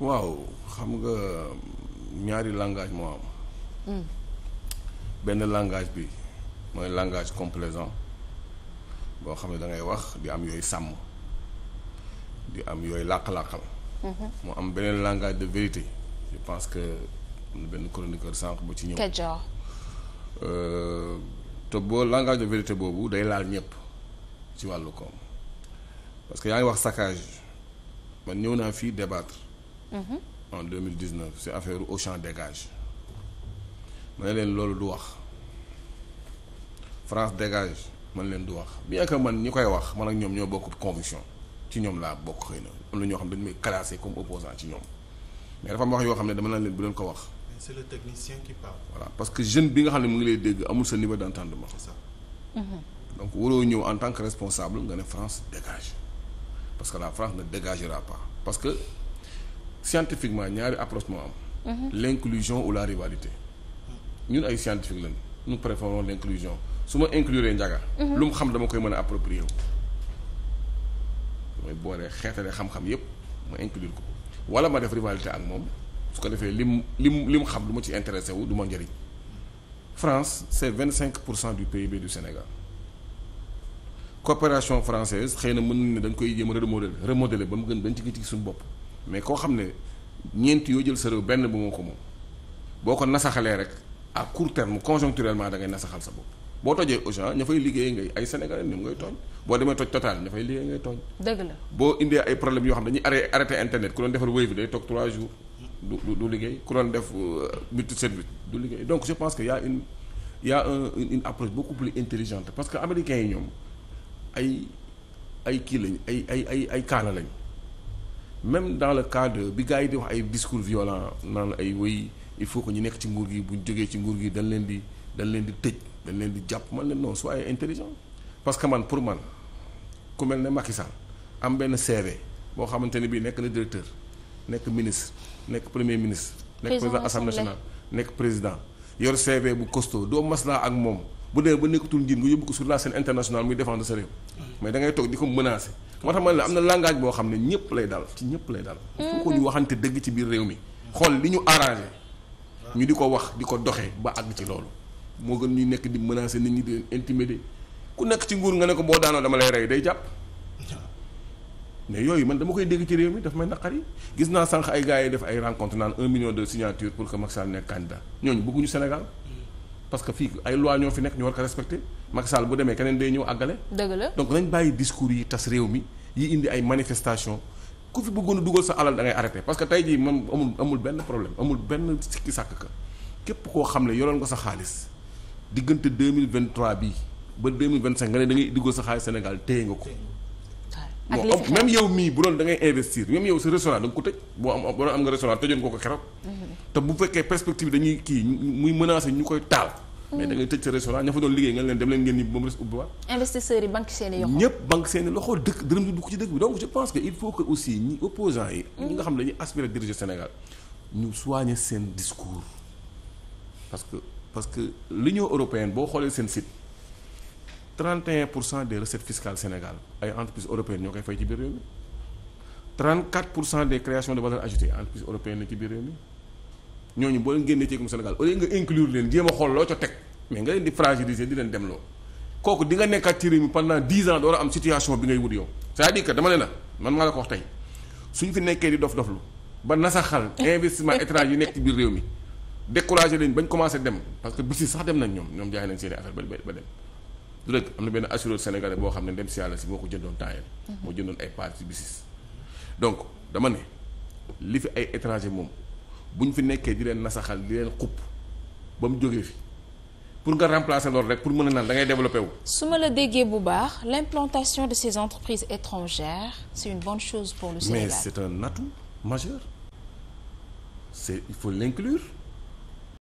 waaw xam nga ñaari langage moo am. Hmm. benn langage bi mooy langage complaisant boo xam ne dangay wax di am yooyu sàmm di am yooyu làq-làqal. moo hmm. am beneen langage de vérité je pense que benn chroniqueur sànq bu ci ñëw. Euh, te boo langage de vérité boobu day laal ñëpp ci wàllu koom parce que yaa ngi wax saccage man ñëw naa fii débattre. Mm-hmm. en deux mille dix neuf si affaire Auchan dégage ma ne leen loolu du wax France dégage man leen du wax bien que man ñi koy wax man ak ñoom ñoo bokk conviction ci ñoom laa bokk xëy na am na ñoo xam ne dañu may classé comme opposant ci ñoom mais dafa am wax ne dama naan leen bu leen ko wax. c'est le technicien qui parle. voilà parce que jeune bi nga xam ne mu ngi lay dégg amul sa niveau d'entendement. c'est ça. Mm-hmm. donc waroo ñëw en tant que responsable nga ne France dégage parce que la France na dégagera pas parce que. scientifiquement ñaari approche moo am. Mhm. l'inclusion ou la rivalité ñun ay scientifique lañu nous préférons l'inclusion su ma inclure njaga mhm. lu mu xam dama koy mën a approprier wu. damay booree xeetale xam-xam yépp ma inclure ko wala ma def rivalité ak moom su ko defee lim lim lim xam lu ma ci intéressé wu du ma njëriñ. France c'est vingt cinq pour cent du PIB du Sénégal coopération française xëy na mën ne dañ koy jéem a remodeler ba mu gën dañ ci gis suñu bopp. mais koo xam ne ñeenti yoo jël sa réew benn bu moo ko moom boo ko nasaxalee rek à court terme conjoncturellement da ngay nasaxal sa bopp boo tojee a ña fay liggéeyee ngay ay sénégalais ñoom ngay tooñ boo demee toj total ña fay liggéey ngay tooñ. dëgg la boo indee ay problèmes yoo xam ne dañuy arrêté arrêté internet ku doon defar wave bi day toog 3 jours du du liggéey ku doon def euh, multi service du liggéey donc je pense que y' a une y' a un une approche beaucoup parce que américains yi ñoom ay ay kii lañ ay ay ay ay kaala lañ. même dans le cas bi gars yi di wax ay discours violents naan ay wéy il faut que ñu nekk ci nguur gi bu ñu jógee ci nguur gi dañ leen di dañ leen di tëj dañ leen di jàpp man leen non soyez intelligent parce que man pour man ku mel ne Macky am benn CV boo xamante ne bii nekk na directeur nekk ministre nekk premier ministre. nekk président assemblée nationale nekk président. yor CV bu costaud doo maslaa ak moom bu dee ba nekkatul njiit nga yóbbu ko sur la scène internationale mm. mais da ngay toog di ko menacer. moo tax ma ne am na langage boo xam ne ñëpp lay dal ci ñëpp lay dal. il ko ñu waxante dëgg ci biir réew mi. xool li ñu arrangé. ñu di ko wax di ko doxee ba àgg ci loolu. moo gën ñuy nekk di menacer nit ñi di intimider ku nekk ci nguur nga ne ko boo daanoo dama lay rey day jàpp. mais yooyu man dama koy dégg ci réew mi daf may naqari gis naa sànq ay gars yi def ay rencontre naan un million de signature pour que Macky Sall nekk candidat ñooñu bëgguñu Sénégal. parce que fii ay loi ñoo fi nekk ñu war ko respecté Macky Sall bu demee keneen day ñëw àggale. dëgg la donc nañ bàyyi discours yi tas réew mi yi indi ay manifestation ku fi bëggoon a dugal sa alal da ngay arrêté parce que tey jii moom amul amul benn problème amul benn sikki sàkk ka képp koo xam ne yoroon nga sa xaalis diggante deux mille vingt trois bii ba deux mille vingt cinq nga ne da ngay dugal sa xaalis Sénégal téye nga ko. même yow mii bu doon da ngay investir même yow sa restaurant da boo am boo doon am nga restaurant tëjoon nga ko keroog. Mm-hmm. te bu fekkee perspective dañuy kii muy menacer ñu koy taal. mais da ngay tëj sa restaurant ña fa doon liggéey nga leen dem leen ngeen ni ba mu des ubbiwaat. investisseurs yi banque seen i loxo. ñëpp banque seen i loxo dëkk dërëm du dugg ci dëkk bi donc je pense que il faut que aussi ñi opposants yi. ñi nga xam ne dañuy diriger Sénégal ñu soigner seen discours parce que parce que l'Union européenne boo xoolee seen site 31 pour cent des recettes fiscales Sénégal ay entreprises européennes koy fay ci biir réew mi pour cent des créations de valeur ajoutée entreprises ci biir réew mi. ñooñu boo leen génnee ci équipe Sénégal nga inclure leen jéem a xool loo ca teg mais nga leen di fragiliser di leen demloo kooku di nga nekkaat ci réew mi pendant dix ans door a am situation bi ngay wut yow c'est-à-dire que dama fi nekkee di dof doflu ba nasaxal investissement étranger yi nekk ci réew mi découragé leen bañ commencé dem parce que bisi sax dem nañ ñoom ñoom jaay nañ seen affaire am na benn assureur sénégalais boo xam ne dem si yàlla si moo ko jëndoon taayal mhm. moo jëndoon ay parts ci bisis donc dama ne li fi ay étranger moom bu ñu fi nekkee di leen nasaxal di leen xupp ba mu jógee fi pour nga remplacer loolu rek pour mën a naan da ngay développé wu. su ma la déggee bu baax l'implantation de ces entreprises étrangères c'est une bonne chose pour le Sénégal. mais c'est un atout majeur c'est il faut l'inclure